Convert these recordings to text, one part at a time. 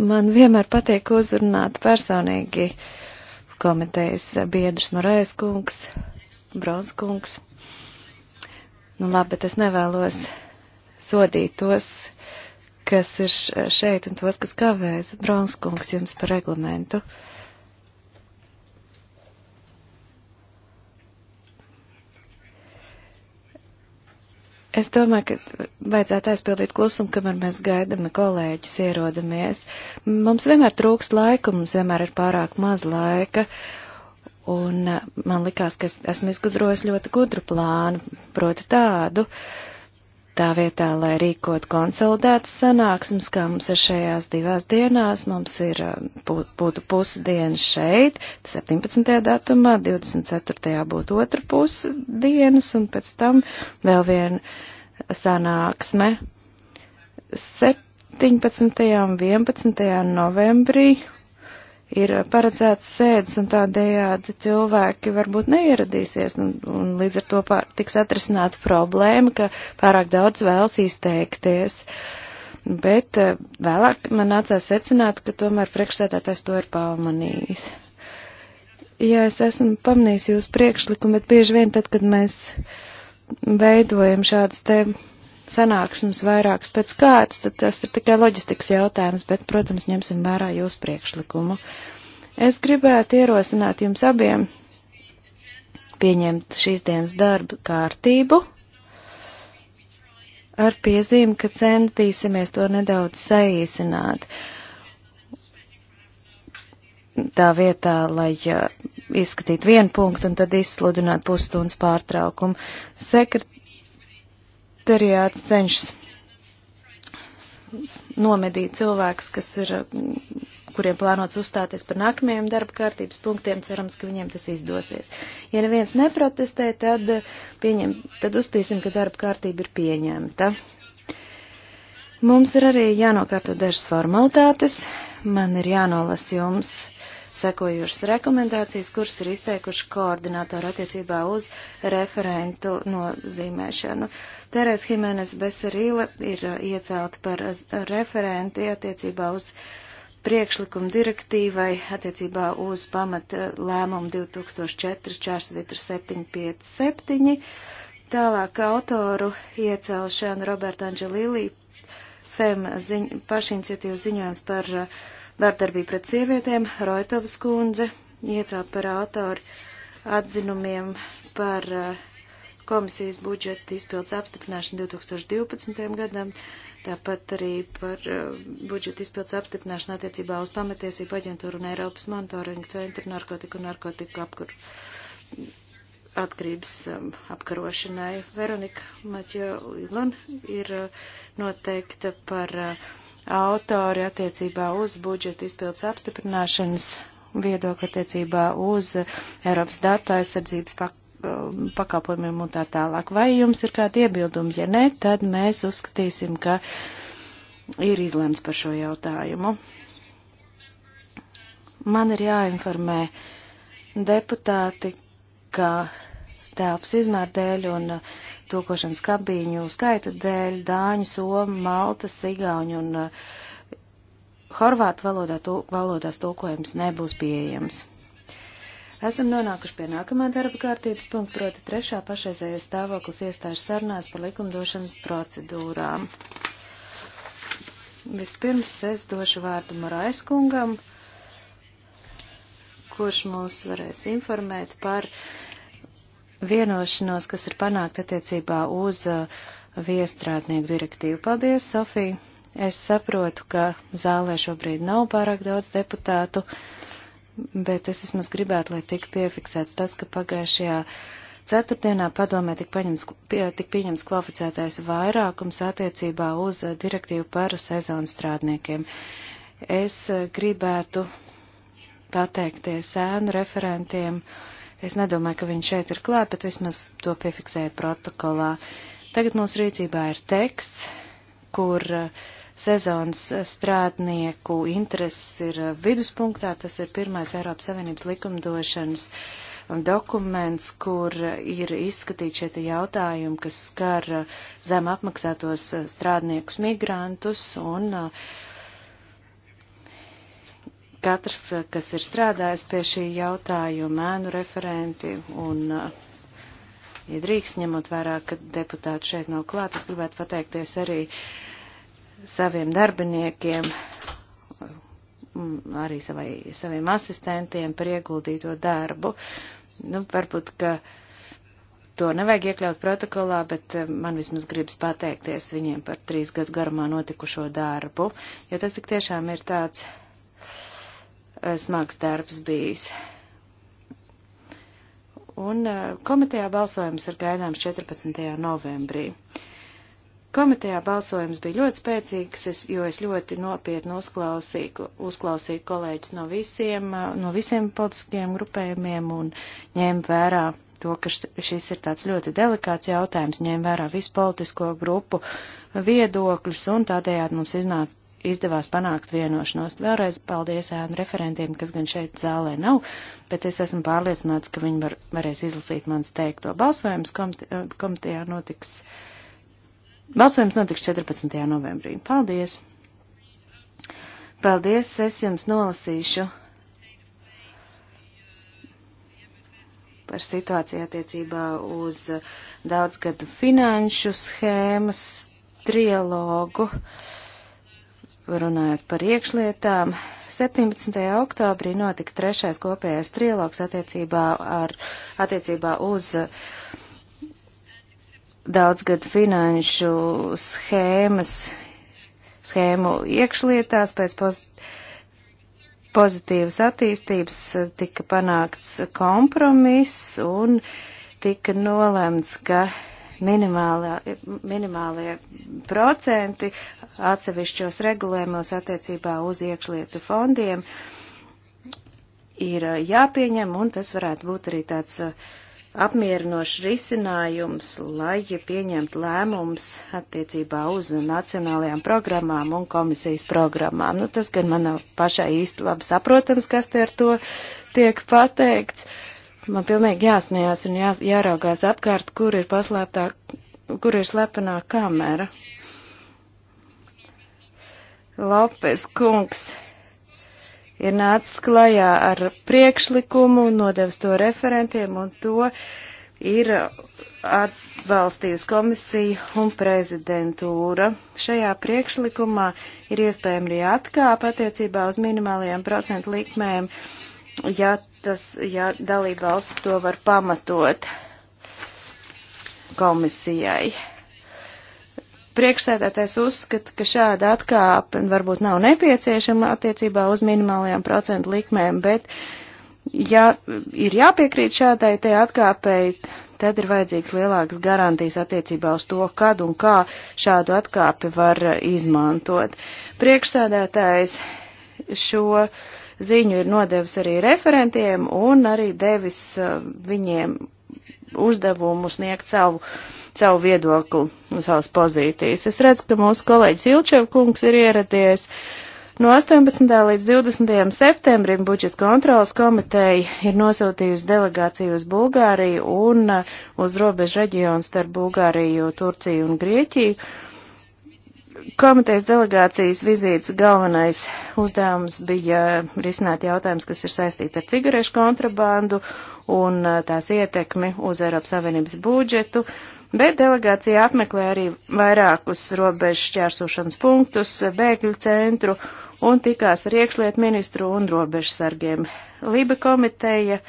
Man vienmēr patīk uzrunāt personīgi komitejas biedrus Marais kungs, Brons kungs. Nu labi, bet es nevēlos sodīt tos, kas ir šeit un tos, kas kavēs. Brons kungs jums par reglamentu. Uh, Es domāju, ka vajadzētu aizpildīt klusumu, kamēr mēs gaidām kolēģus ierodamies. Mums vienmēr trūkst laika, mums vienmēr ir pārāk maz laika. Un eh, man likās, ka es esmu izgudrojis ļoti gudru plānu, proti tādu, uh, Tā vietā, lai rīkot konsolidētas sanāksmes, kā mums ir šajās divās dienās, mums ir būtu pusdiena šeit, 17. datumā, 24. būtu otra pusdienas, un pēc tam vēl viena sanāksme 17. un 11. novembrī ir paredzēts sēdes un tādējādi cilvēki varbūt neieradīsies un, un līdz ar to pār, tiks atrisināta problēma, ka pārāk daudz vēlas izteikties. Bet eh, vēlāk man nācās secināt, ka tomēr priekšsēdētājs to ir pamanījis. Jā, es esmu pamanījis jūsu priekšlikumu, bet bieži vien tad, kad mēs veidojam šādas te sanāksmes vairākas pēc kārtas, tad tas ir tikai loģistikas jautājums, bet, protams, ņemsim vērā jūsu priekšlikumu. Es gribētu ierosināt jums abiem pieņemt šīs dienas darba kārtību ar piezīmi, ka centīsimies to nedaudz saīsināt. Tā vietā, lai izskatītu vienu punktu un tad izsludinātu pusstundas pārtraukumu. Sekret Teriāts cenšas nomedīt cilvēkus, kas ir, kuriem plānots uzstāties par nākamajiem darba kārtības punktiem, cerams, ka viņiem tas izdosies. Ja neviens neprotestē, tad, pieņem, tad uzstīsim, ka darba kārtība ir pieņemta. Mums ir arī jānokārto dažas formalitātes. Man ir jānolas jums sekojušas rekomendācijas, kuras ir izteikuši koordinātori attiecībā uz referentu nozīmēšanu. Terēs Himenes Beserīle ir iecelta par referenti attiecībā uz priekšlikumu direktīvai attiecībā uz pamat lēmumu 2004 čārsvitra 757. Tālāk autoru iecelšana Roberta Anģelīlī FEM ziņ, pašiniciatīvas ziņojums par uh, Vārdarbība pret sievietēm, Roitovas kundze, iecēla par autoru atzinumiem par eh, komisijas budžeta izpildes apstiprināšanu 2012. gadam, tāpat arī par eh, budžeta izpildes apstiprināšanu attiecībā uz pamatiesību aģentūru un Eiropas monitoringu centru narkotiku un narkotiku apkur atkarības um, apkarošanai. Veronika Maķo Ilon ir uh, noteikta par uh, autori attiecībā uz budžeta izpildes apstiprināšanas viedokli attiecībā uz Eiropas datu aizsardzības pak um, pakalpojumiem un tā tālāk. Vai jums ir kādi iebildumi? Ja ne, tad mēs uzskatīsim, ka ir izlēms par šo jautājumu. Man ir jāinformē deputāti, ka telpas izmērdēļ un uh, tūkošanas kabīņu skaita dēļ dāņu, somu, maltas, igauņu un uh, horvātu valodā tū, valodās tulkojums nebūs pieejams. Esam nonākuši pie nākamā darba kārtības punkta, proti trešā pašreizējais stāvoklis iestāžu sarunās par likumdošanas procedūrām. Vispirms es došu vārdu Marais kungam, kurš mūs varēs informēt par uh, vienošanos, kas ir panākt attiecībā uz uh, viestrādnieku direktīvu. Paldies, Sofija! Es saprotu, ka zālē šobrīd nav pārāk daudz deputātu, bet es vismaz gribētu, lai tika piefiksēts tas, ka pagājušajā Ceturtdienā padomē tika pieņems, pie, tik pieņems kvalificētais vairākums attiecībā uz uh, direktīvu par sezonu strādniekiem. Es uh, gribētu pateikties ēnu referentiem Es nedomāju, ka viņš šeit ir klāt, bet vismaz to piefiksēja protokolā. Tagad mūsu rīcībā ir teksts, kur eh, sezonas eh, strādnieku intereses ir eh, viduspunktā. Tas ir pirmais Eiropas Savienības likumdošanas dokuments, kur ir izskatīti šie jautājumi, kas skar zem apmaksātos strādniekus migrantus un uh, Katrs, kas ir strādājis pie šī jautājuma, mēnu referenti un, ja drīkst ņemot vērā, ka deputāti šeit nav klāt, es gribētu pateikties arī saviem darbiniekiem, mm, arī savai, saviem asistentiem par ieguldīto darbu. Nu, varbūt, ka to nevajag iekļaut protokolā, bet eh, man vismaz gribas pateikties viņiem par trīs gadu garumā notikušo darbu, jo tas tik tiešām ir tāds Eh, smags darbs bijis. Un eh, komitejā balsojums ir gaidāms 14. novembrī. Komitejā balsojums bija ļoti spēcīgs, es, jo es ļoti nopietni uzklausīju, uzklausīju kolēģis no visiem, eh, no visiem politiskajiem grupējumiem un ņēmu vērā to, ka šis ir tāds ļoti delikāts jautājums, ņēmu vērā visu politisko grupu viedokļus un tādējādi mums iznāca izdevās panākt vienošanos. Vēlreiz paldies ēnu referentiem, kas gan šeit zālē nav, bet es esmu pārliecināts, ka viņi var, varēs izlasīt manas teikto. Balsojums komitejā notiks. Balsojums notiks 14. novembrī. Paldies! Paldies, es jums nolasīšu par situāciju attiecībā uz daudzgadu finanšu schēmas trialogu. Uh, Runājot par iekšlietām, 17. oktobrī notika trešais kopējais trialogs attiecībā, ar, attiecībā uz uh, daudzgad finanšu schēmas, schēmu iekšlietās pēc poz, pozitīvas attīstības uh, tika panākts kompromiss un tika nolemts, ka minimālie, minimālie procenti atsevišķos regulējumos attiecībā uz iekšlietu fondiem ir eh, jāpieņem, un tas varētu būt arī tāds eh, apmierinošs risinājums, lai pieņemtu lēmums attiecībā uz nacionālajām programmām un komisijas programmām. Nu, tas gan man pašai īsti labi saprotams, kas te ar to tiek pateikts. Uh, Man pilnīgi jāsmējās un jās, jāraugās apkārt, kur ir paslēptā, kur ir slepenā kamera. Lopes kungs ir nācis klajā ar priekšlikumu, nodevis to referentiem un to ir atbalstījusi komisija un prezidentūra. Šajā priekšlikumā ir iespējama arī atkāpa attiecībā uz minimālajām procentu likmēm, ja tas, ja dalībvalsts to var pamatot komisijai. Priekšsēdētājs uzskata, ka šāda atkāpe varbūt nav nepieciešama attiecībā uz minimālajām procentu likmēm, bet ja ir jāpiekrīt šādai te atkāpei, tad ir vajadzīgs lielākas garantijas attiecībā uz to, kad un kā šādu atkāpi var izmantot. Priekšsēdētājs šo uh, ziņu ir nodevis arī referentiem un arī devis uh, viņiem uzdevumu sniegt savu, savu viedokli un savas pozīcijas. Es redzu, ka mūsu kolēģis Ilčev kungs ir ieradies. No 18. līdz 20. septembrim budžeta kontrolas komiteja ir nosūtījusi delegāciju uz Bulgāriju un uh, uz robežu reģionu starp Bulgāriju, Turciju un Grieķiju Komitejas delegācijas vizītes galvenais uzdevums bija uh, risināt jautājums, kas ir saistīti ar cigarešu kontrabandu un uh, tās ietekmi uz Eiropas Savienības budžetu, bet delegācija apmeklē arī vairākus robežu šķērsošanas punktus, bēgļu centru un tikās ar iekšlietu ministru un robežu sargiem. Liba komiteja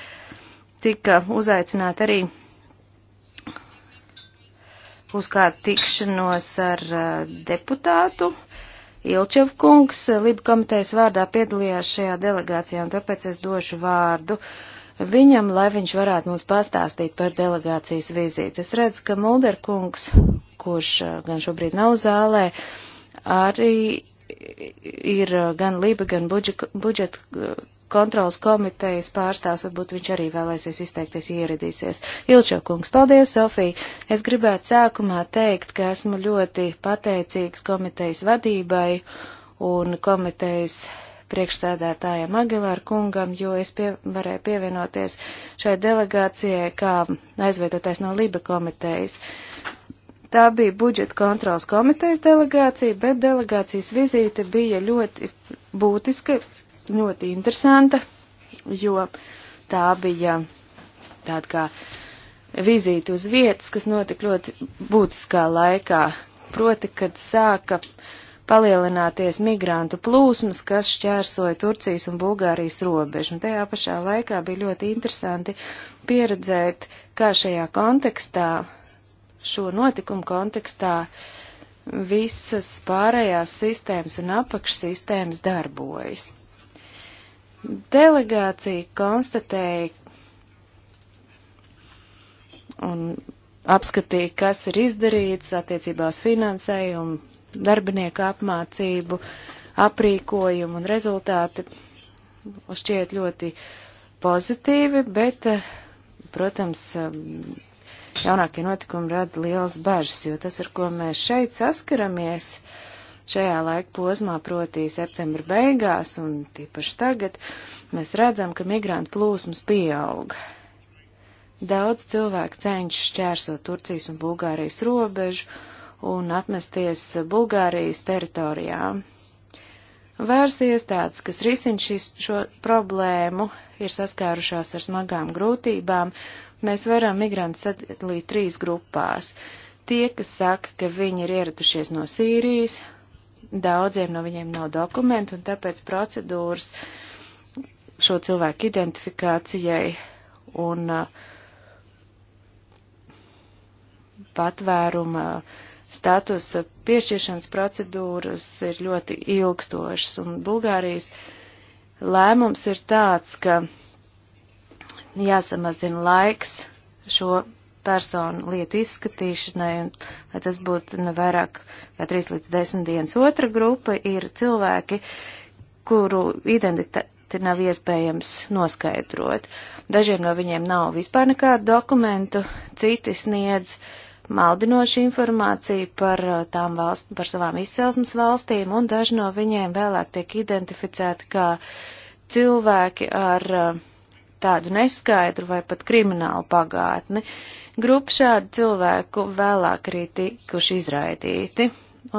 tika uzaicināta arī uz kādu tikšanos ar eh, deputātu. Ilčev kungs Liba komitejas vārdā piedalījās šajā delegācijā, un tāpēc es došu vārdu viņam, lai viņš varētu mums pastāstīt par delegācijas vizīti. Es redzu, ka Mulder kungs, kurš eh, gan šobrīd nav zālē, arī ir eh, gan Liba, gan budžeta kontrolas komitejas pārstāvs, varbūt viņš arī vēlēsies izteikties, ieradīsies. Ilčevkungs, paldies, Sofija! Es gribētu sākumā teikt, ka esmu ļoti pateicīgs komitejas vadībai un komitejas priekšsēdētājam Agilāru kungam, jo es pie, varēju pievienoties šai delegācijai kā aizvietotais no Liba komitejas. Tā bija budžeta kontrols komitejas delegācija, bet delegācijas vizīte bija ļoti būtiska ļoti interesanta, jo tā bija tāda kā vizīte uz vietas, kas notika ļoti būtiskā laikā. Proti, kad sāka palielināties migrantu plūsmas, kas šķērsoja Turcijas un Bulgārijas robežu. Un tajā pašā laikā bija ļoti interesanti pieredzēt, kā šajā kontekstā, šo notikumu kontekstā, visas pārējās sistēmas un apakšsistēmas darbojas. Delegācija konstatēja un apskatīja, kas ir izdarīts attiecībās finansējumu, darbinieku apmācību, aprīkojumu un rezultāti šķiet ļoti pozitīvi, bet, eh, protams, eh, jaunākie notikumi rada lielas bažas, jo tas, ar ko mēs šeit saskaramies, uh, šajā laika posmā, proti septembra beigās un tīpaši tagad, mēs redzam, ka migrantu plūsmas pieaug. Daudz cilvēku cenšas šķērsot Turcijas un Bulgārijas robežu un apmesties Bulgārijas teritorijā. Vērs iestādes, kas risina šis, šo problēmu, ir saskārušās ar smagām grūtībām. Mēs varam migrantus sadalīt trīs grupās. Tie, kas saka, ka viņi ir ieradušies no Sīrijas, Daudziem no viņiem nav dokumentu, un tāpēc procedūras šo cilvēku identifikācijai un uh, patvēruma statusa piešķiršanas procedūras ir ļoti ilgstošas, un Bulgārijas lēmums ir tāds, ka jāsamazina laiks šo personu lietu izskatīšanai, un lai tas būtu ne nu, vairāk kā 3 līdz 10 dienas. Otra grupa ir cilvēki, kuru identitāti nav iespējams noskaidrot. Dažiem no viņiem nav vispār nekādu dokumentu, citi sniedz maldinošu informāciju par, uh, tām valst, par savām izcelsmes valstīm, un daži no viņiem vēlāk tiek identificēti kā cilvēki ar uh, tādu neskaidru vai pat kriminālu pagātni. Uh, Grupa šādu cilvēku vēlāk arī tikuši izraidīti.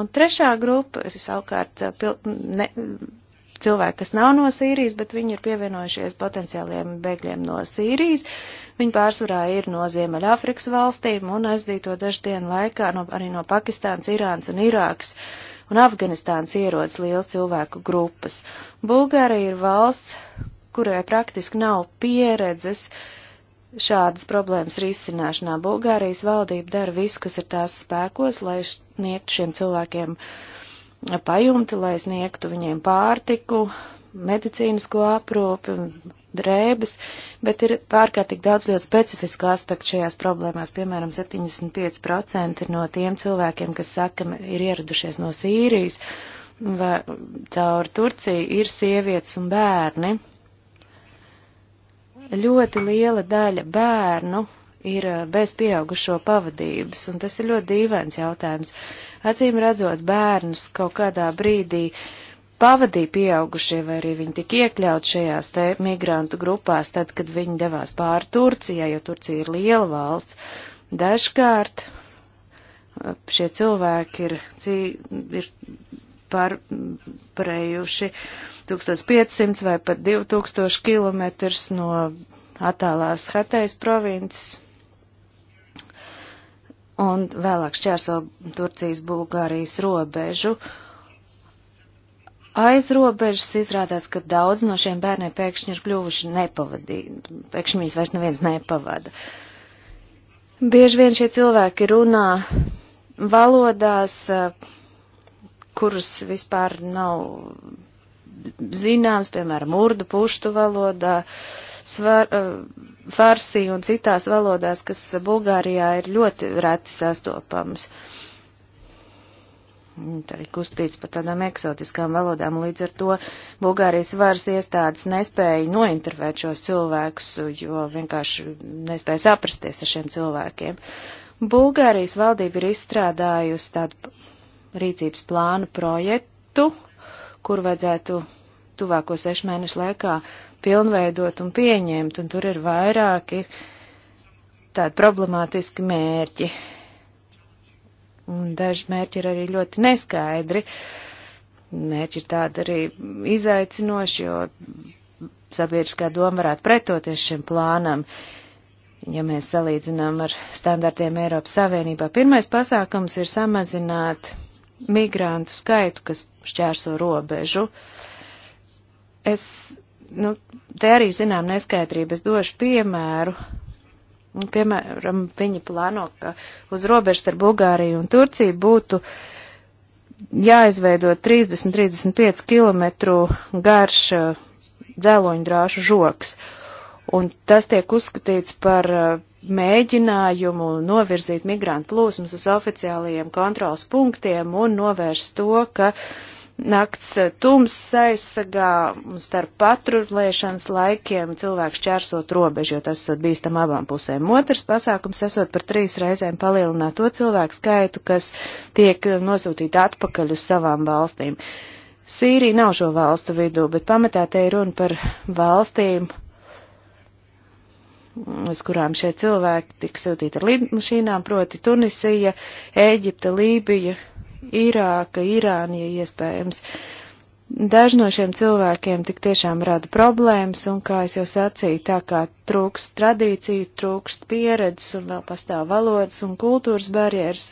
Un trešā grupa, savukārt, eh, pil, ne, cilvēki, kas nav no Sīrijas, bet viņi ir pievienojušies potenciāliem bēgļiem no Sīrijas. Viņi pārsvarā ir no Ziemeļāfrikas valstīm un aizdīto dažu dienu laikā no, arī no Pakistāns, Irāns un Irāks un Afganistāns ierodas liels cilvēku grupas. Bulgārija ir valsts, kurai praktiski nav pieredzes uh, šādas problēmas risināšanā. Bulgārijas valdība dara visu, kas ir tās spēkos, lai sniegtu šiem cilvēkiem pajumti, lai sniegtu viņiem pārtiku, medicīnisko aprūpi un drēbes, bet ir pārkārtīgi daudz ļoti specifisku aspektu šajās problēmās. Piemēram, 75% no tiem cilvēkiem, kas saka, ir ieradušies no Sīrijas vai caur Turciju, ir sievietes un bērni ļoti liela daļa bērnu ir eh, bez pieaugušo pavadības, un tas ir ļoti dīvains jautājums. Acīm redzot, bērnus kaut kādā brīdī pavadīja pieaugušie, vai arī viņi tika iekļaut šajās te migrantu grupās, tad, kad viņi devās pāri Turcijai, jo Turcija ir liela valsts. Dažkārt eh, šie cilvēki ir, ir pārējuši 1500 vai pat 2000 km no attālās Hatejas provinces un vēlāk šķērso Turcijas Bulgārijas robežu. Aiz robežas izrādās, ka daudz no šiem bērniem pēkšņi ir kļuvuši nepavadīgi, pēkšņi viņus vairs neviens nepavada. Bieži vien šie cilvēki runā valodās, uh, kuras vispār nav zināms, piemēram, urdu, puštu valodā, svar, eh, farsī un citās valodās, kas Bulgārijā ir ļoti reti sastopams. Tā ir kustīts par tādām eksotiskām valodām, līdz ar to Bulgārijas varas iestādes nespēja nointervēt šos cilvēkus, jo vienkārši nespēja saprasties ar šiem cilvēkiem. Bulgārijas valdība ir izstrādājusi tādu rīcības plānu projektu, kur vajadzētu tuvāko sešu mēnešu laikā pilnveidot un pieņemt, un tur ir vairāki tādi problemātiski mērķi. Un daži mērķi ir arī ļoti neskaidri. Mērķi ir tādi arī izaicinoši, jo sabiedriskā doma varētu pretoties šim plānam. Ja mēs salīdzinām ar standartiem Eiropas Savienībā, pirmais pasākums ir samazināt migrantu skaitu, kas šķērso robežu. Es, nu, te arī zinām neskaidrības došu piemēru. Piemēram, viņi plāno, ka uz robežas ar Bulgāriju un Turciju būtu jāizveido 30-35 km garš eh, dzeloņdrāšu žoks. Un tas tiek uzskatīts par uh, mēģinājumu novirzīt migrantu plūsmas uz oficiālajiem kontrols punktiem un novērst to, ka nakts tums aizsagā starp patrulēšanas laikiem cilvēks čērsot robežu, jo tas esot bīstam abām pusēm. Otrs pasākums esot par trīs reizēm palielināt to cilvēku skaitu, kas tiek nosūtīti atpakaļ uz savām valstīm. Sīrija nav šo valstu vidū, bet pamatā te ir runa par valstīm, uz kurām šie cilvēki tika sūtīti ar lidmašīnām, proti Tunisija, Ēģipte, Lībija, Irāka, Irānija iespējams. Daži no šiem cilvēkiem tik tiešām rada problēmas, un, kā es jau sacīju, tā kā trūkst tradīciju, trūkst pieredzes, un vēl pastāv valodas un kultūras barjeras,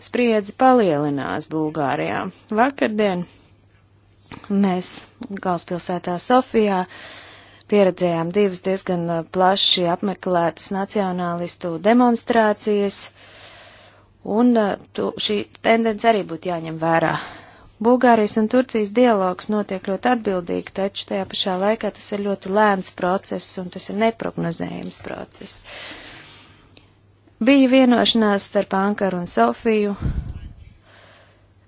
spriedzi palielinās Bulgārijā. Vakardien mēs galvaspilsētā Sofijā uh, pieredzējām divas diezgan uh, plaši apmeklētas nacionālistu demonstrācijas, un uh, tu, šī tendence arī būtu jāņem vērā. Bulgārijas un Turcijas dialogs notiek ļoti atbildīgi, taču tajā pašā laikā tas ir ļoti lēns process un tas ir neprognozējams process. Bija vienošanās starp Ankaru un Sofiju.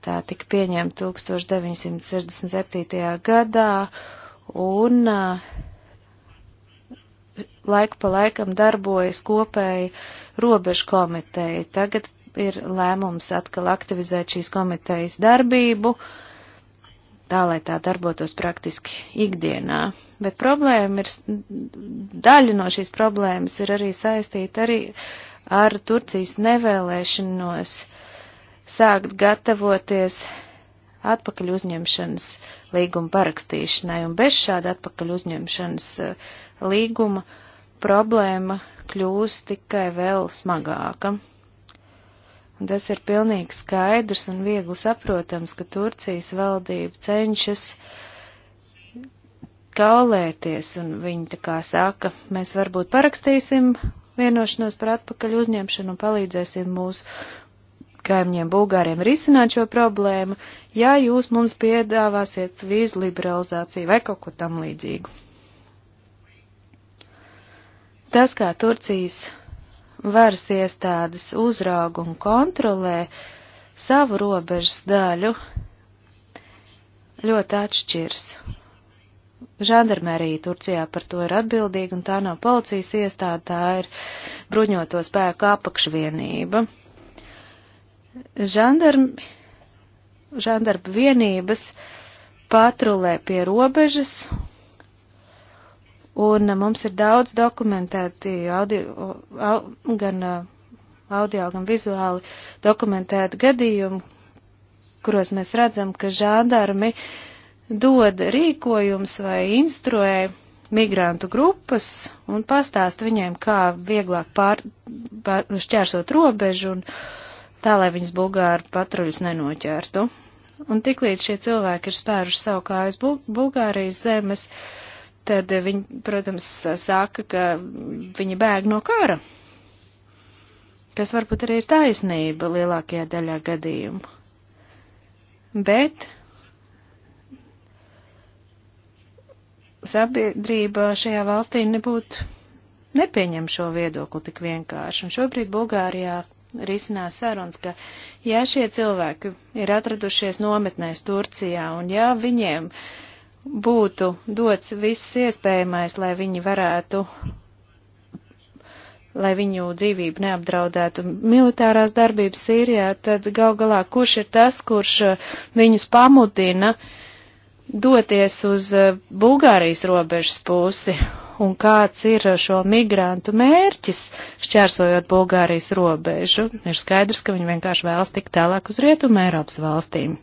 Tā tika pieņemta 1967. gadā un uh, laiku pa laikam darbojas kopēja robežu komiteja. Tagad ir lēmums atkal aktivizēt šīs komitejas darbību, tā lai tā darbotos praktiski ikdienā. Bet problēma ir, daļa no šīs problēmas ir arī saistīta arī ar Turcijas nevēlēšanos sākt gatavoties atpakaļ uzņemšanas līguma parakstīšanai, un bez šāda atpakaļ uzņemšanas eh, līguma uh, problēma kļūs tikai vēl smagāka. Un tas ir pilnīgi skaidrs un viegli saprotams, ka Turcijas valdība cenšas kaulēties, un viņi tā kā saka, mēs varbūt parakstīsim vienošanos par atpakaļ uzņemšanu un palīdzēsim mūsu kaimņiem Bulgāriem risināt šo problēmu, ja jūs mums piedāvāsiet vīzu liberalizāciju vai kaut ko tam līdzīgu. Tas, kā Turcijas varas iestādes uzrauga un kontrolē savu robežas daļu, ļoti atšķirs. Žandarmērija Turcijā par to ir atbildīga, un tā nav policijas iestāde, tā ir bruņoto spēku apakšvienība. Žandarm, žandarba vienības patrulē pie robežas Un eh, mums ir daudz dokumentēti audio, au, gan eh, audio, gan vizuāli dokumentēti gadījumi, kuros mēs redzam, ka žandarmi dod rīkojums vai instruē migrantu grupas un pastāst viņiem, kā vieglāk pār, pār, šķērsot robežu un tā, lai viņas bulgāru patruļus nenoķertu. Un tiklīdz šie cilvēki ir spēruši savu kājas Bulgārijas zemes, uh, tad viņi, protams, saka, ka viņi bēg no kara, kas varbūt arī ir taisnība lielākajā daļā gadījumu. Bet sabiedrība šajā valstī nebūtu nepieņem šo viedokli tik vienkārši. Un šobrīd Bulgārijā risinās sarunas, ka ja šie cilvēki ir atradušies nometnēs Turcijā un ja viņiem uh, būtu dots viss iespējamais, lai viņi varētu, lai viņu dzīvību neapdraudētu militārās darbības Sīrijā, tad gal galā kurš ir tas, kurš eh, viņus pamudina doties uz eh, Bulgārijas robežas pusi un kāds ir šo migrantu mērķis šķērsojot Bulgārijas robežu. Ir skaidrs, ka viņi vienkārši vēlas tikt tālāk uz Rietumu Eiropas valstīm.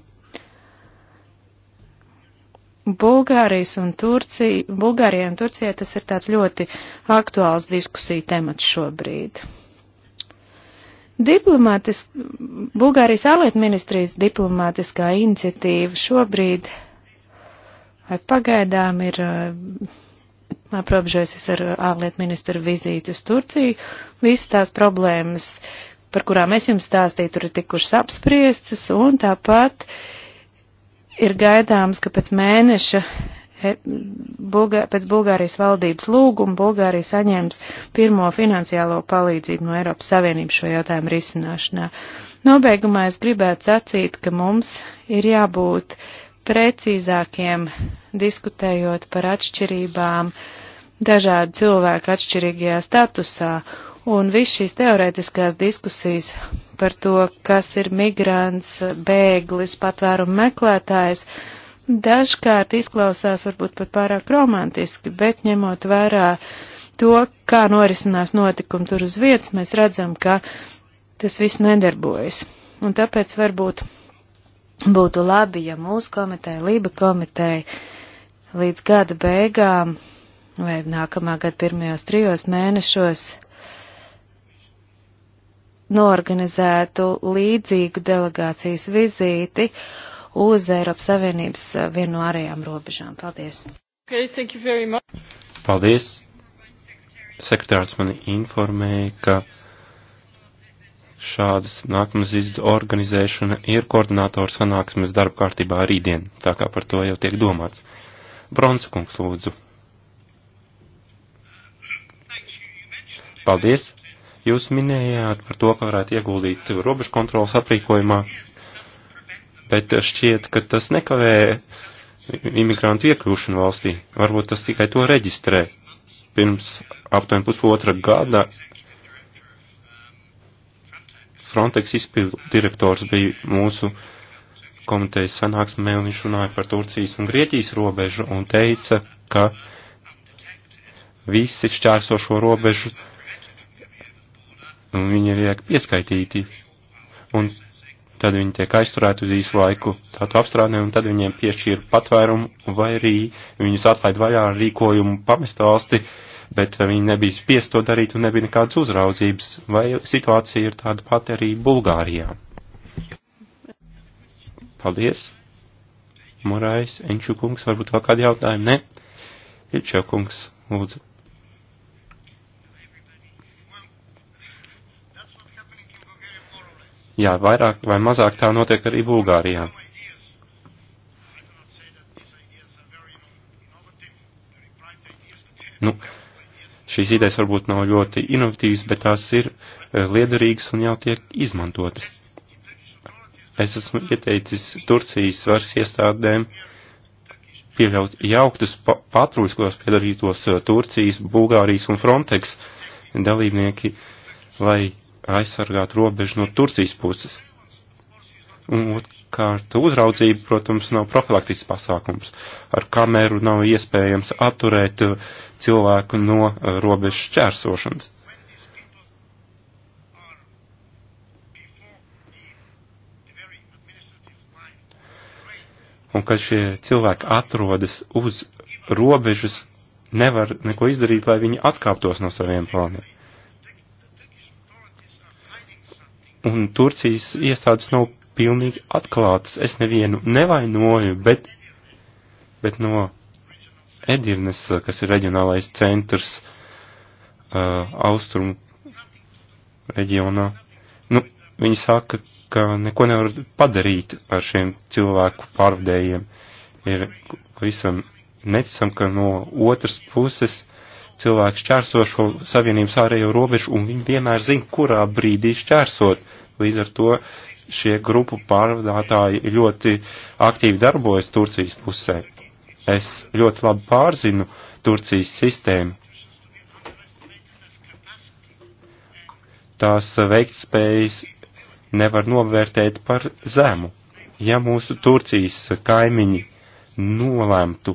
Bulgārijas un Turcija, Bulgārija un Turcija tas ir tāds ļoti aktuāls diskusija temats šobrīd. Diplomātis, Bulgārijas ārlietu ministrijas diplomātiskā iniciatīva šobrīd vai pagaidām ir eh, aprobežojusies ar ārlietu ministru vizīti uz Turciju. Visas tās problēmas, par kurām es jums stāstīju, tur ir tikušas apspriestas un tāpat uh, ir gaidāms, ka pēc mēneša, e, Bulgā, pēc Bulgārijas valdības lūguma, Bulgārija saņems pirmo finansiālo palīdzību no Eiropas Savienības šo jautājumu risināšanā. Nobeigumā es gribētu sacīt, ka mums ir jābūt precīzākiem diskutējot par atšķirībām dažādu cilvēku atšķirīgajā statusā Un viss šīs teorētiskās diskusijas par to, kas ir migrants, bēglis, patvērumu meklētājs, dažkārt izklausās varbūt pat pārāk romantiski, bet ņemot vērā to, kā norisinās notikumi tur uz vietas, mēs redzam, ka tas viss nedarbojas. Un tāpēc varbūt būtu labi, ja mūsu komiteja, Lība komiteja, līdz gada beigām vai nākamā gada pirmajos trijos mēnešos norganizētu līdzīgu delegācijas vizīti uz Eiropas Savienības eh, vienu no ārējām robežām. Paldies! Okay, Paldies! Sekretārs mani informēja, ka šādas nākamas izdu organizēšana ir koordinātora sanāksmes darba kārtībā rītdien, tā kā par to jau tiek domāts. Bronskungs lūdzu. Paldies! Jūs minējāt par to, ka varētu ieguldīt robežu kontrolas aprīkojumā, bet šķiet, ka tas nekavē imigrantu iekļūšanu valstī. Varbūt tas tikai to reģistrē. Pirms aptuveni pusotra gada Frontex izpildu direktors bija mūsu komitejas sanāksmē, un viņš runāja par Turcijas un Grieķijas robežu un teica, ka visi šķērsošo robežu un viņi ir iek pieskaitīti, un tad viņi tiek aizturēti uz īsu laiku tātu apstrādē, un tad viņiem piešķīra patvērumu, vai arī viņus atlaid vaļā ar rīkojumu pamest valsti, bet viņi nebija spiest to darīt un nebija nekādas uzraudzības, vai situācija ir tāda pati arī Bulgārijā. Paldies! Morais, Enčukungs, varbūt vēl kādi jautājumi? Ne? Ilčakungs, lūdzu. Jā, vairāk vai mazāk tā notiek arī Bulgārijā. Nu, šīs idejas varbūt nav ļoti inovatīvas, bet tās ir eh, liederīgas un jau tiek izmantotas. Es esmu ieteicis Turcijas varas iestādēm pieļaut jauktus pa patruļus, kurās piedalītos eh, Turcijas, Bulgārijas un Frontex dalībnieki, lai aizsargāt robežu no Turcijas puses. Un otrkārt, uzraudzība, protams, nav profilaktisks pasākums. Ar kameru nav iespējams atturēt uh, cilvēku no uh, robežu šķērsošanas. Un kad šie cilvēki atrodas uz robežas, nevar neko izdarīt, lai viņi atkāptos no saviem plāniem. un Turcijas iestādes nav pilnīgi atklātas. Es nevienu nevainoju, bet, bet no Edirnes, kas ir reģionālais centrs uh, austrumu reģionā, nu, viņi saka, ka neko nevar padarīt ar šiem cilvēku pārvadējiem. Ir pavisam neticam, ka no otras puses uh, cilvēki šķērso šo savienības ārējo robežu, un viņi vienmēr zina, kurā brīdī šķērsot. Līdz ar to šie grupu pārvadātāji ļoti aktīvi darbojas Turcijas pusē. Es ļoti labi pārzinu Turcijas sistēmu. Tās veiktspējas nevar novērtēt par zemu. Ja mūsu Turcijas kaimiņi nolēmtu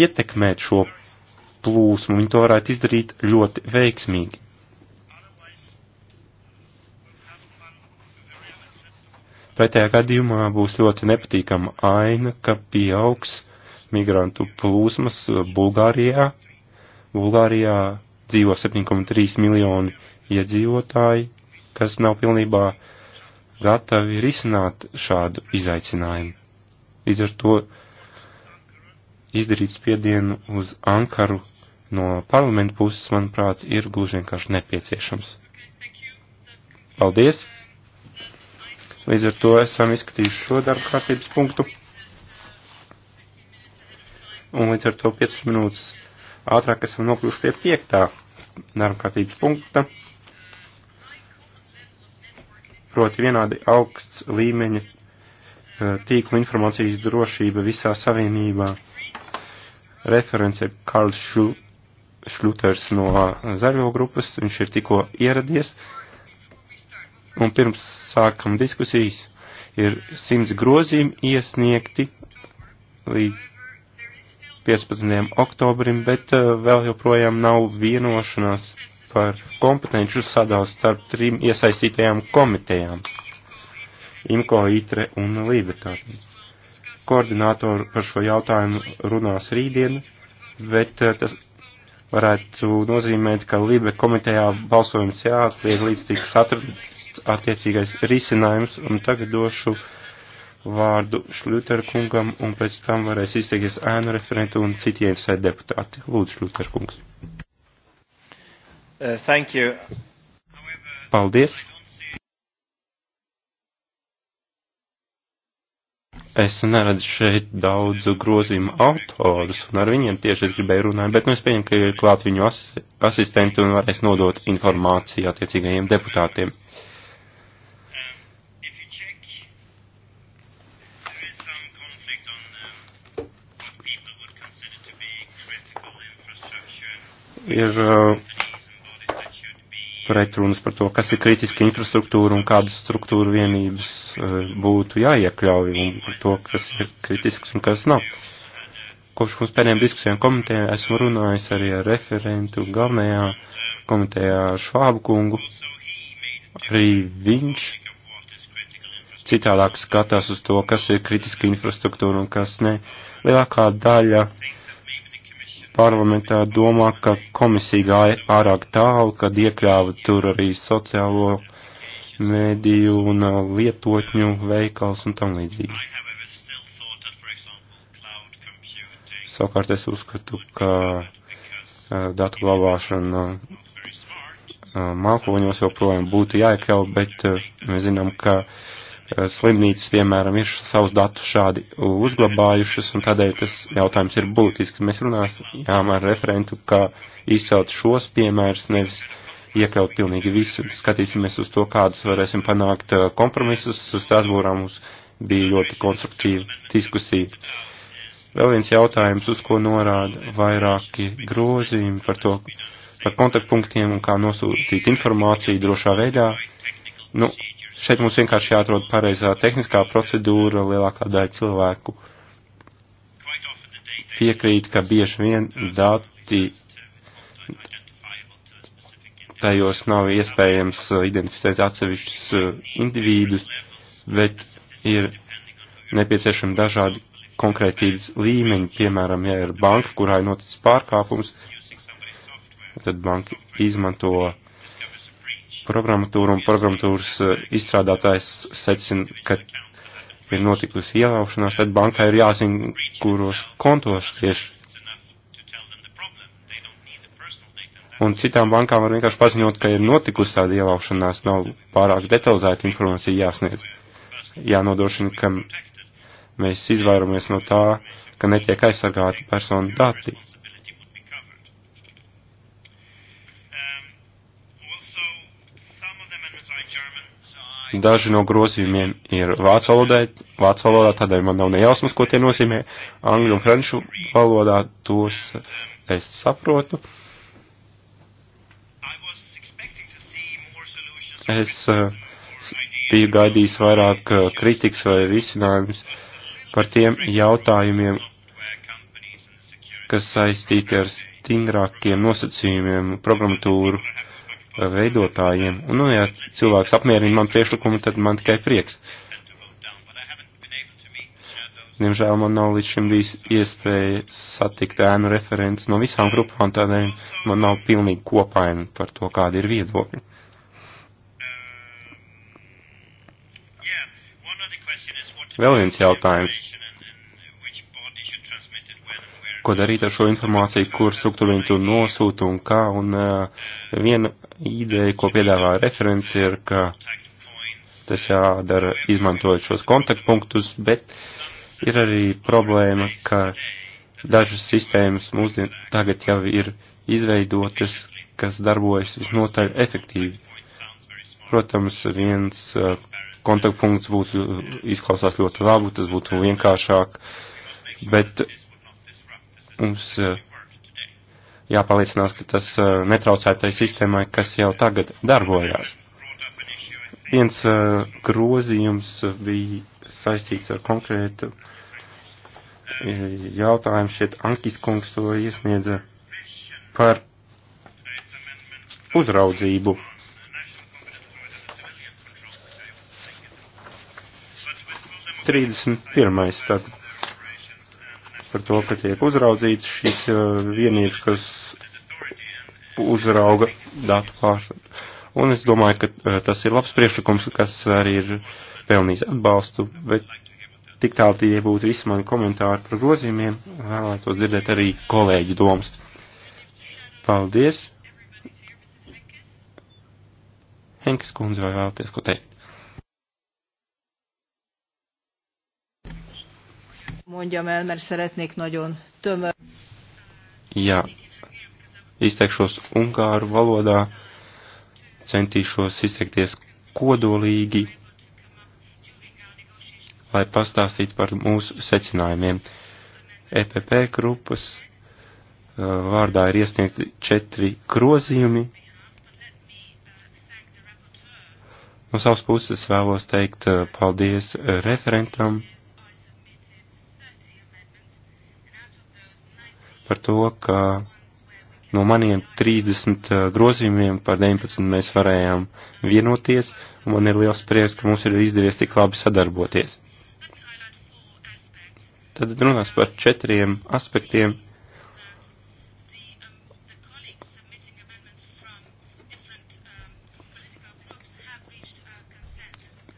ietekmēt šo plūsmu. Viņi to varētu izdarīt ļoti veiksmīgi. Pretējā gadījumā būs ļoti nepatīkama aina, ka pieaugs migrantu plūsmas Bulgārijā. Bulgārijā dzīvo 7,3 miljoni iedzīvotāji, kas nav pilnībā gatavi risināt šādu izaicinājumu. Līdz ar to izdarīt spiedienu uz Ankaru no parlamenta puses, manuprāt, ir gluži vienkārši nepieciešams. Paldies! Līdz ar to esam izskatījuši šo darba kārtības punktu. Un līdz ar to 15 minūtes ātrāk esam nokļuvuši pie piektā darba kārtības punkta. Proti vienādi augsts līmeņa eh, tīkla informācijas drošība visā savienībā. Referents ir Karls Šl Šluters no uh, zaļo grupas, viņš ir tikko ieradies. Un pirms sākam diskusijas ir simts grozījumi iesniegti līdz 15. oktobrim, bet uh, vēl joprojām nav vienošanās par kompetenci sadalu starp trim iesaistītajām komitejām - IMCO, ITRE un LIBE. Tātad koordinātori par šo jautājumu runās rītdien, bet eh, tas varētu nozīmēt, ka Lībe komitejā balsojums jāatliek līdz tiks atrasts attiecīgais risinājums, un tagad došu vārdu Šļuter kungam, un pēc tam varēs izteikties ēnu referentu un citi iesai deputāti. Lūdzu, Šļuter kungs. Uh, thank you. Paldies. Es neredzu šeit daudzu grozījumu autorus, un ar viņiem tieši es gribēju runāt, bet nu es pieņemu, ka ir klāt viņu as asistenti un varēs nodot informāciju attiecīgajiem deputātiem. Ir uh, pretrunas par to, kas ir kritiska infrastruktūra un kādas struktūra vienības e, būtu jāiekļauj un par to, kas ir kritisks un kas nav. Kopš mums pēdējiem diskusijām komitejā esmu runājis arī ar referentu galvenajā komitejā Švābu kungu. Arī viņš citādāk skatās uz to, kas ir kritiska infrastruktūra un kas ne. Lielākā daļa uh, parlamentā domā, ka komisija gāja pārāk tālu, kad iekļāva tur arī sociālo mēdīju un uh, lietotņu veikals un tam līdzīgi. Savukārt es uzskatu, ka uh, datu glabāšana uh, mākoņos joprojām būtu jāiekļau, bet mēs zinām, ka uh, Eh, slimnīcas, piemēram, ir savus datus šādi uzglabājušas, un tādēļ tas jautājums ir būtisks. Mēs runāsim ar referentu, kā izcelt šos piemērus, nevis iekļaut pilnīgi visu. Skatīsimies uz to, kādus varēsim panākt eh, kompromisus. Strasbūrā mums bija ļoti konstruktīva diskusija. Vēl viens jautājums, uz ko norāda vairāki grozījumi par to, par kontaktpunktiem un kā nosūtīt informāciju drošā veidā. Nu, Šeit mums vienkārši jāatrod pareizā tehniskā procedūra, lielākā daļa cilvēku piekrīt, ka bieži vien dati tajos nav iespējams identificēt atsevišķus eh, individus, bet ir nepieciešami dažādi konkrētības līmeņi, piemēram, ja ir banka, kurā ir noticis pārkāpums, tad banka izmanto programmatūru un programmatūras eh, izstrādātājs secina, ka ir notikusi ievākšanās, tad bankai ir jāzina, kuros kontos tieši. Un citām bankām var vienkārši paziņot, ka ir notikusi tāda ievākšanās, nav pārāk detalizēta informācija jāsniedz. Jānodrošina, ka mēs izvairamies no tā, ka netiek aizsargāti personu dati. Daži no grozījumiem ir vācu valodā, vācu valodā tādēļ man nav nejausmas, ko tie nozīmē. Angļu un franču valodā tos es saprotu. Es eh, biju gaidījis vairāk eh, kritikas vai risinājums par tiem jautājumiem, kas saistīti ar stingrākiem nosacījumiem programmatūru veidotājiem. Un, nu, ja cilvēks apmierina man priekšlikumu, tad man tikai prieks. Diemžēl man nav līdz šim bijis iespēja satikt ēnu referents no visām grupām, tādēļ man nav pilnīgi kopaina par to, kāda ir viedokļa. Vēl viens jautājums ko darīt ar šo informāciju, kur struktūriņu tu nosūti un kā. Un uh, viena ideja, ko piedāvā referents, ir, ka tas jādara izmantojot šos kontaktpunktus, bet ir arī problēma, ka dažas sistēmas mūsdien tagad jau ir izveidotas, kas darbojas visnotaļ efektīvi. Protams, viens uh, kontaktpunkts būtu izklausās ļoti labu, tas būtu vienkāršāk, bet Mums eh, jāpaliecinās, ka tas eh, netraucētai sistēmai, kas jau tagad darbojās. Viens eh, grozījums bija saistīts ar konkrētu jautājumu šeit Ankis kungs to iesniedza par uzraudzību. Trīsdesmit pirmais, tad par to, ka tiek uzraudzīts šīs eh, vienības, kas uzrauga datu pārstāvju. Un es domāju, ka eh, tas ir labs priekšlikums, kas arī ir pelnījis atbalstu, bet tik tālu tie būtu visi mani komentāri par grozījumiem, vēlētos dzirdēt arī kolēģi domas. Paldies! Henkis kundze vai vēlaties ko teikt? mondjam el, mert szeretnék nagyon tömör. Jā, izteikšos ungāru valodā, centīšos izteikties kodolīgi, lai pastāstītu par mūsu secinājumiem. EPP grupas uh, vārdā ir iesniegti četri grozījumi. No savas puses vēlos teikt uh, paldies uh, referentam. par to, ka no maniem 30 eh, grozījumiem par 19 mēs varējām vienoties, un man ir liels prieks, ka mums ir izdevies tik labi sadarboties. Tad runās par četriem aspektiem.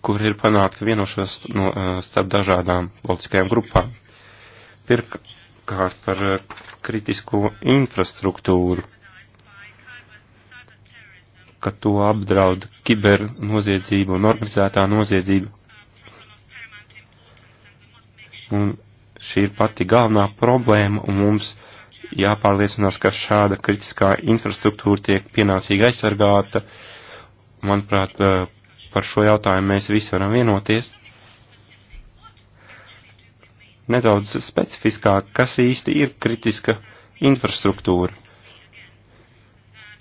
kur ir panākta vienošanās no, eh, starp dažādām politiskajām grupām. Pirk, Pirmkārt par eh, kritisko infrastruktūru, ka to apdraud kibernoziedzība un organizētā noziedzība. Un šī ir pati galvenā problēma, un mums jāpārliecinās, ka šāda kritiskā infrastruktūra tiek pienācīgi aizsargāta. Manuprāt, eh, par šo jautājumu mēs visi varam vienoties nedaudz specifiskāk, kas īsti ir kritiska infrastruktūra.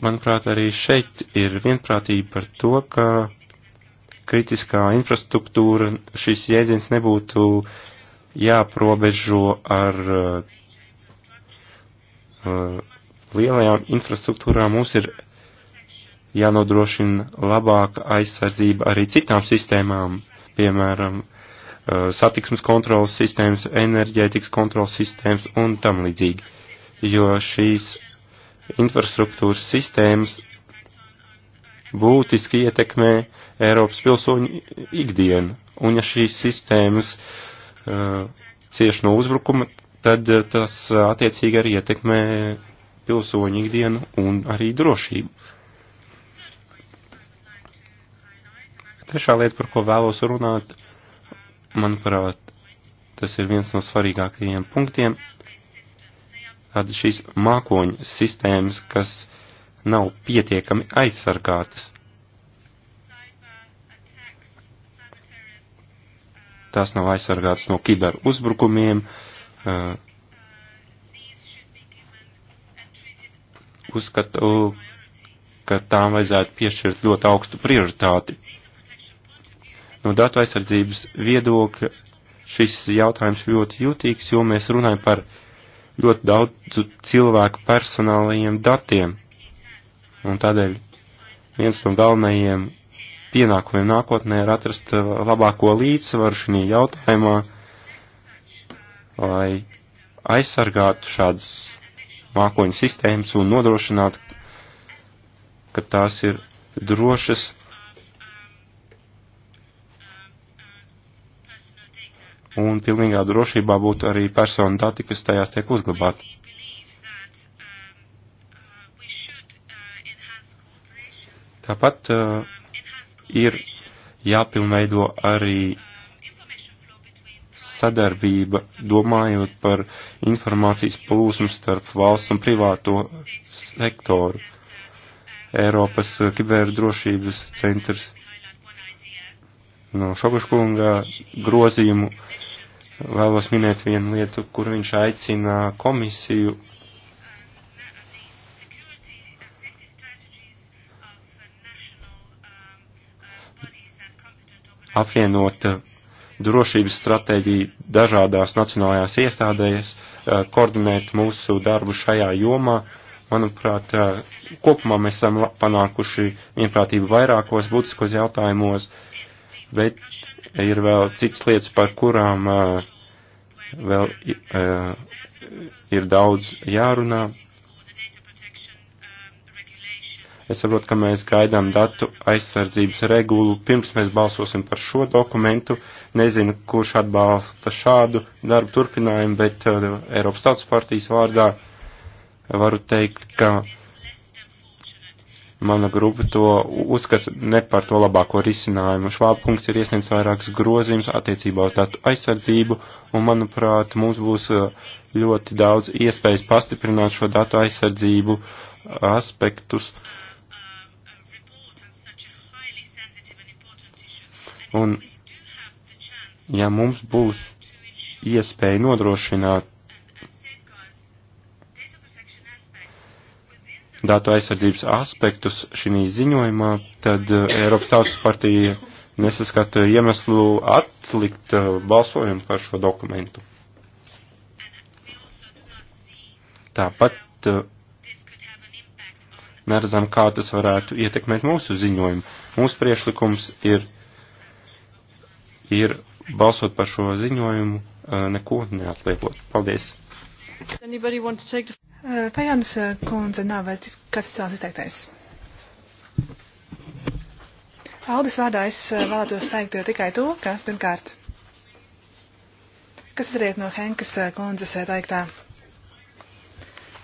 Manuprāt, arī šeit ir vienprātība par to, ka kritiskā infrastruktūra šis jēdziens nebūtu jāprobežo ar uh, lielajām infrastruktūrām. Mums ir jānodrošina labāka aizsardzība arī citām sistēmām, piemēram, Uh, satiksmes kontrolas sistēmas, enerģētikas kontrolas sistēmas un tam līdzīgi. Jo šīs infrastruktūras sistēmas būtiski ietekmē Eiropas pilsoņu ikdienu. Un ja šīs sistēmas uh, cieš no uzbrukuma, tad uh, tas uh, attiecīgi arī ietekmē pilsoņu ikdienu un arī drošību. Trešā lieta, par ko vēlos runāt, Manuprāt, tas ir viens no svarīgākajiem punktiem. Tāda šīs mākoņu sistēmas, kas nav pietiekami aizsargātas. Tās nav aizsargātas no kiber uzbrukumiem, uh, uzskatu, ka tām vajadzētu piešķirt ļoti augstu prioritāti. No datu aizsardzības viedokļa šis jautājums ļoti jūtīgs, jo mēs runājam par ļoti daudzu cilvēku personālajiem datiem. Un tādēļ viens no galvenajiem pienākumiem nākotnē ir atrast uh, labāko līdzsvaru šajā jautājumā, lai aizsargātu šādas mākoņu sistēmas un nodrošinātu, ka tās ir drošas un pilnīgā drošībā būtu arī personu dati, kas tajās tiek uzglabāti. Tāpat uh, ir jāpilnveido arī sadarbība, domājot par informācijas plūsmu starp valsts un privāto sektoru. Eiropas uh, kiberdrošības centrs no Šobuškunga grozījumu vēlos minēt vienu lietu, kur viņš aicina komisiju apvienot uh, drošības stratēģiju dažādās nacionālajās iestādēs, uh, koordinēt mūsu darbu šajā jomā. Manuprāt, uh, kopumā mēs esam panākuši vienprātību vairākos būtiskos jautājumos, uh, bet ir vēl citas lietas, par kurām uh, vēl uh, ir daudz jārunā. Es saprotu, ka mēs gaidām datu aizsardzības regulu. Pirms mēs balsosim par šo dokumentu, nezinu, kurš atbalsta šādu darbu turpinājumu, bet uh, Eiropas Tautas partijas vārdā varu teikt, ka uh, Mana grupa to uzskata ne par to labāko risinājumu. Švābkungs ir iesniedz vairākas grozījumus attiecībā uz datu aizsardzību, un, manuprāt, mums būs uh, ļoti daudz iespējas pastiprināt šo datu aizsardzību aspektus. Un, ja mums būs iespēja nodrošināt datu aizsardzības aspektus šī ziņojumā, tad eh, Eiropas Tautas partija nesaskata iemeslu atlikt eh, balsojumu par šo dokumentu. Tāpat eh, neredzam, kā tas varētu ietekmēt mūsu ziņojumu. Mūsu priešlikums ir, ir balsot par šo ziņojumu, neko neatliekot. Paldies! The... Uh, Fajans uh, kundze nav vērts, kas tas izteiktais. Aldis vārdā es uh, vēlētos teikt tikai to, ka pirmkārt, kas izriet no Henkas kundzes teiktā.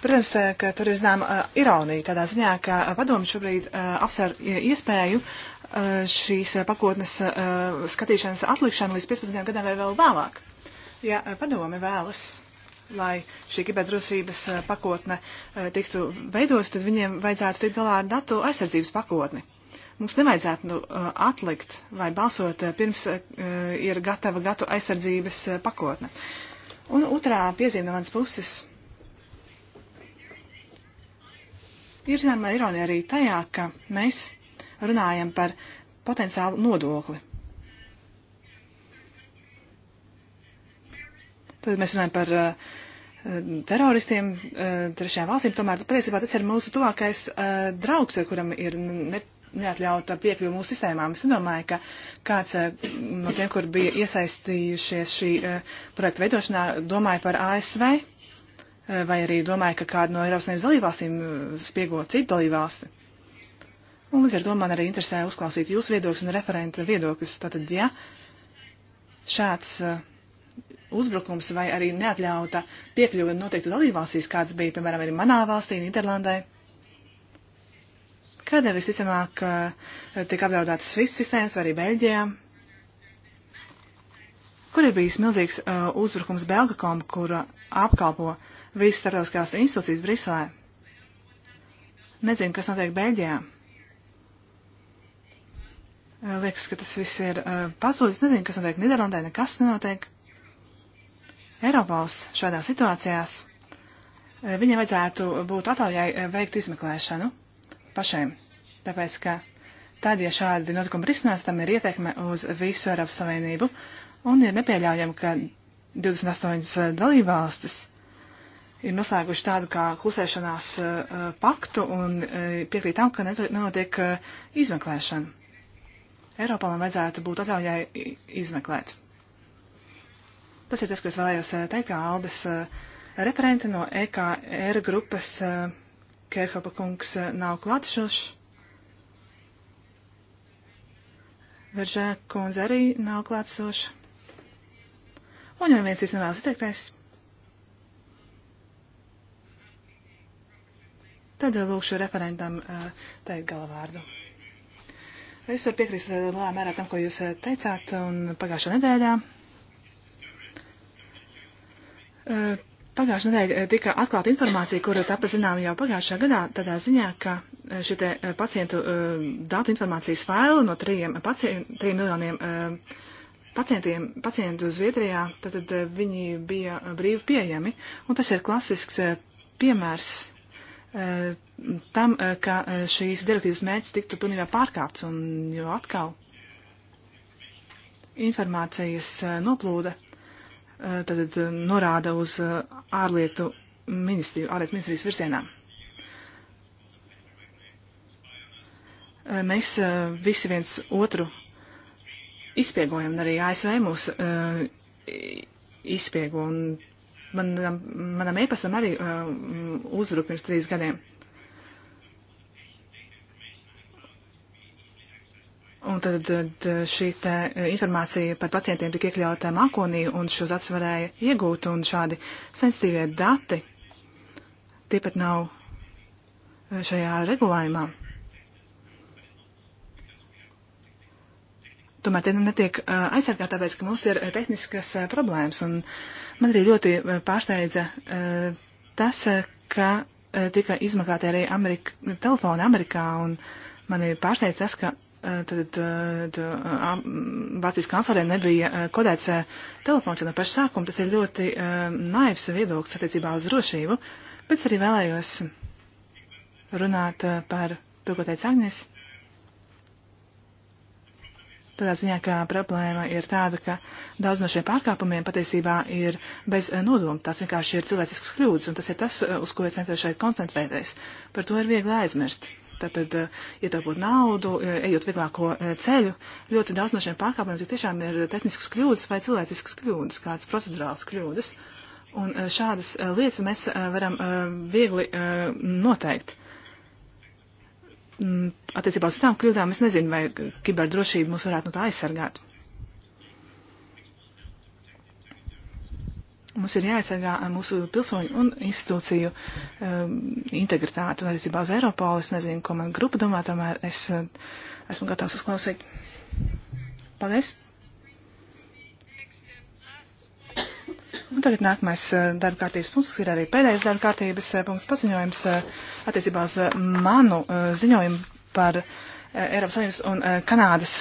Protams, ka tur ir zināma ironija tādā ziņā, ka padomu šobrīd apsver iespēju šīs pakotnes skatīšanas atlikšanu līdz 15 gadam vai vēl vēlāk. Ja padome vēlas lai šī kiberdrošības eh, pakotne eh, tiktu veidot, tad viņiem vajadzētu tikt galā ar datu aizsardzības pakotni. Mums nevajadzētu nu, eh, atlikt vai balsot pirms ir gatava datu aizsardzības pakotne. Un otrā piezīme no manas puses. Ir zināmā ironija arī tajā, ka mēs runājam par potenciālu nodokli. Tad mēs runājam par uh, teroristiem, eh, trešajām valstīm, tomēr patiesībā tas ir mūsu tuvākais eh, draugs, kuram ir ne, neatļauta piekļuva mūsu sistēmām. Es nedomāju, ka kāds no tiem, kur bija iesaistījušies šī projekta veidošanā, domāja par ASV, vai arī domāja, ka kāda no Eiropas Savienības dalībvalstīm spiego citu dalībvalsti. Un līdz ar to man arī interesē uzklausīt jūsu viedokļus un referenta viedokļus. Tātad, ja šāds uh, uzbrukums vai arī neatļauta piekļuve noteiktu dalībvalstīs, kāds bija, piemēram, arī manā valstī, Nīderlandē. Kādēļ visticamāk eh, tiek apdraudētas visas sistēmas vai arī Beļģijā? Kur ir bijis milzīgs uh, uzbrukums Belgakom, kura apkalpo visas starptautiskās institūcijas Briselē? Nezinu, kas notiek Beļģijā. Eh, liekas, ka tas viss ir uh, pazudis. Nezinu, kas notiek Nīderlandē, nekas nenotiek. Eiropols šādās situācijās e, viņiem vajadzētu būt atļaujai e, veikt izmeklēšanu pašiem, tāpēc ka tad, ja šādi notikumi risinās, tam ir ietekme uz visu Eiropas Savienību un ir nepieļaujami, ka 28 e, dalībvalstis ir noslēguši tādu kā klusēšanās uh, paktu un uh, piekrīt tam, ka nenotiek uh, izmeklēšana. Eiropalam vajadzētu būt atļaujai izmeklēt. Tas ir tas, ko es vēlējos eh, teikt, kā Aldes eh, referente no EKR grupas eh, Kērhopa kungs nav klātsošs. Veržē kundze arī nav klātsoša. Un ja viens iznevēlas izteikties, tad lūkšu referentam teikt galavārdu. Es varu piekrist lielā mērā tam, ko jūs teicāt, un pagājušā nedēļā Pagājušajā nedēļā eh, tika atklāta informācija, kuru tapa zinām jau pagājušajā gadā, tādā ziņā, ka eh, šie eh, pacientu datu informācijas faili no trījiem, pacient, trījiem miljoniem pacientiem, pacientu Zviedrijā, tad, tad viņi bija brīvi pieejami. Un tas ir klasisks piemērs tam, ka šīs direktīvas mērķis tiktu pilnībā pārkāpts un jo atkal informācijas noplūda Eh, tad eh, norāda uz eh, ārlietu ministriju, ārlietu ministrijas virzienā. Mēs visi viens otru izspiegojam, un arī ASV mūs izspiego, un manam, manam e-pastam arī uzruk pirms trīs gadiem. Un tad, tad šī e, informācija par pacientiem tika iekļauta mākonī, un šos datus varēja iegūt, un šādi sensitīvie dati tie pat nav e, šajā regulējumā. tomēr tie netiek e, aizsargāti, tāpēc, ka mums ir tehniskas problēmas. Un man arī ļoti pārsteidza tas, ka tika izmaklāti arī Amerika, telefoni Amerikā, un man ir pārsteidz tas, ka Eh, tad, eh, tad eh, Vācijas kanclerē nebija kodēts telefons no paša sākuma. Tas ir ļoti naivs viedoklis attiecībā uz drošību, bet es arī vēlējos runāt par to, ko teica Agnes. Tādā ziņā, ka problēma ir tāda, ka daudz no šiem pārkāpumiem patiesībā ir bez nodoma. Tās vienkārši ir cilvēciskas kļūdas, un tas ir tas, uz ko es centos šeit koncentrēties. Par to ir viegli aizmirst tātad eh, ietaupot naudu, eh, ejot vieglāko eh, ceļu. Ļoti daudz no šiem pārkāpumiem tik tiešām ir tehniskas kļūdas vai cilvēciskas kļūdas, kādas procedurāls kļūdas. Un šādas lietas mēs varam viegli noteikt. Mm, attiecībā uz tām kļūdām es nezinu, vai kiberdrošība mūs varētu no tā aizsargāt. Mums ir jāaizsargā mūsu pilsoņu un institūciju um, integritāte. Un attiecībā uz Eiropolu es nezinu, ko man grupa domā, tomēr es uh, esmu gatavs uzklausīt. Paldies! Un tagad nākamais uh, darba kārtības punkts, kas ir arī pēdējais darba kārtības uh, punkts paziņojums uh, attiecībā uz uh, manu uh, ziņojumu par uh, Eiropas Savienības un Kanādas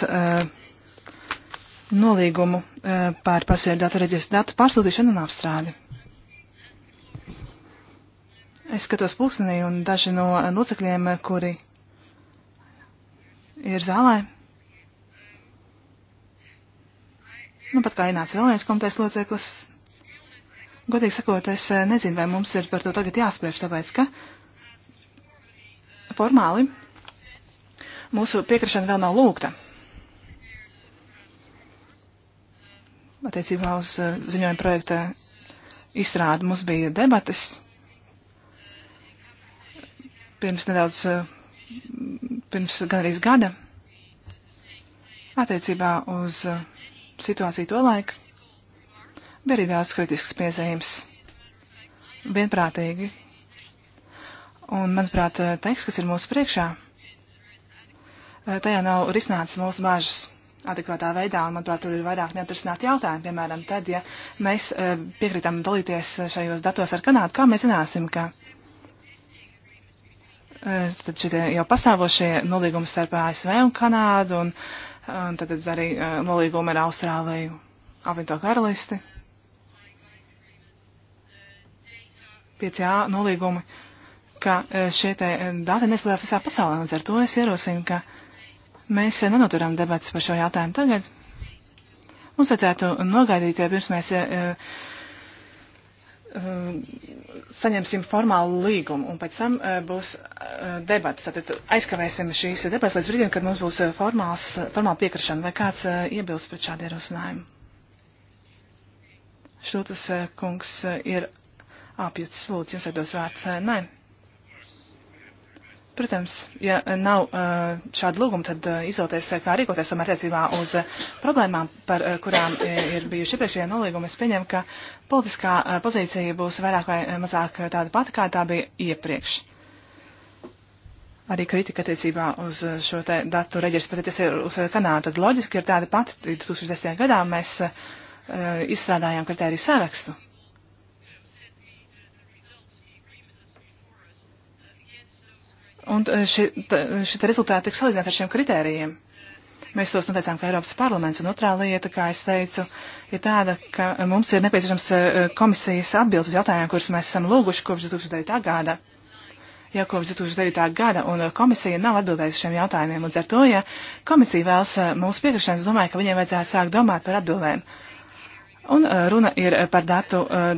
nolīgumu eh, par pasažieru datu reģistra datu pārsūtīšanu un apstrādi. Es skatos pulkstenī un daži no locekļiem, eh, kuri ir zālē. Nu, pat kā ienāca vēl viens komitejas loceklis. Godīgi sakot, es eh, nezinu, vai mums ir par to tagad jāspriež, tāpēc, ka formāli mūsu piekrišana vēl nav lūgta. attiecībā uz eh, ziņojuma projekta izstrādi. Mums bija debates pirms nedaudz, eh, pirms gandrīz gada attiecībā uz eh, situāciju tolaik. Bija arī daudz kritisks piezīmes. Vienprātīgi. Un, manuprāt, teiks, kas ir mūsu priekšā, tajā nav risināts mūsu bāžas adekvātā veidā, un, manuprāt, tur ir vairāk neatrisināti jautājumi. Piemēram, tad, ja mēs eh, piekritam dalīties šajos datos ar Kanādu, kā mēs zināsim, ka eh, tad šitie jau pastāvošie nolīgumi starp ASV un Kanādu, un, un tad arī eh, nolīgumi ar Austrāliju, Avito karalisti, 5A nolīgumi, ka šie te dati neskatās visā pasaulē, un ar to es ierosinu, ka Mēs nenoturam debats par šo jautājumu tagad. Mums vajadzētu nogaidīt, pirms mēs uh, saņemsim formālu līgumu, un pēc tam eh, būs debats. Tātad aizkavēsim šīs debats līdz brīdim, kad mums būs formāls, formāla piekrišana, vai kāds iebilst pret šādu ierosinājumu. Šūtas kungs ir apjūts, lūdzu, jums atdos vārds. Nē. Protams, ja nav uh, šāda lūguma, tad uh, izvēlēties, kā rīkoties tomēr attiecībā uz uh, problēmām, par kurām ir bijuši iepriekšējie nolīgumi. Es pieņemu, ka politiskā pozīcija būs vairāk vai mazāk tāda pati, kā tā bija iepriekš. Arī kritika attiecībā uz šo te datu reģistru, pat ja tas ir uz Kanādu, tad loģiski ir tāda pati. 2010. gadā mēs izstrādājām kritēriju sarakstu Un šie rezultāti tiek salīdzināti ar šiem kritērijiem. Mēs tos noteicām, ka Eiropas parlaments un otrā lieta, kā es teicu, ir tāda, ka mums ir nepieciešams e, komisijas atbildes uz jautājumiem, kurus mēs esam lūguši kopš 2009. gada jau kopš 2009. gada, un e, komisija nav atbildējusi šiem jautājumiem. Līdz ar to, ja komisija vēlas e, mūsu piekrišanas, domāju, ka viņiem vajadzētu sākt domāt par atbildēm. Uh, Un eh, runa ir eh, par datu eh,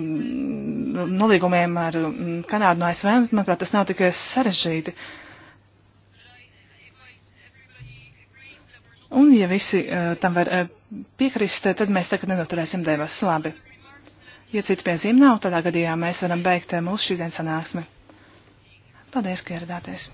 nolīgumiem ar mm, Kanādu no ASV, un, manuprāt, tas nav tik sarežģīti. Un, ja visi tam var piekrist, tad mēs tagad nenoturēsim devas. Labi. Ja citu piezīme nav, tādā gadījumā mēs varam beigt mūsu šīs dienas sanāksmi. Paldies, ka ieradāties!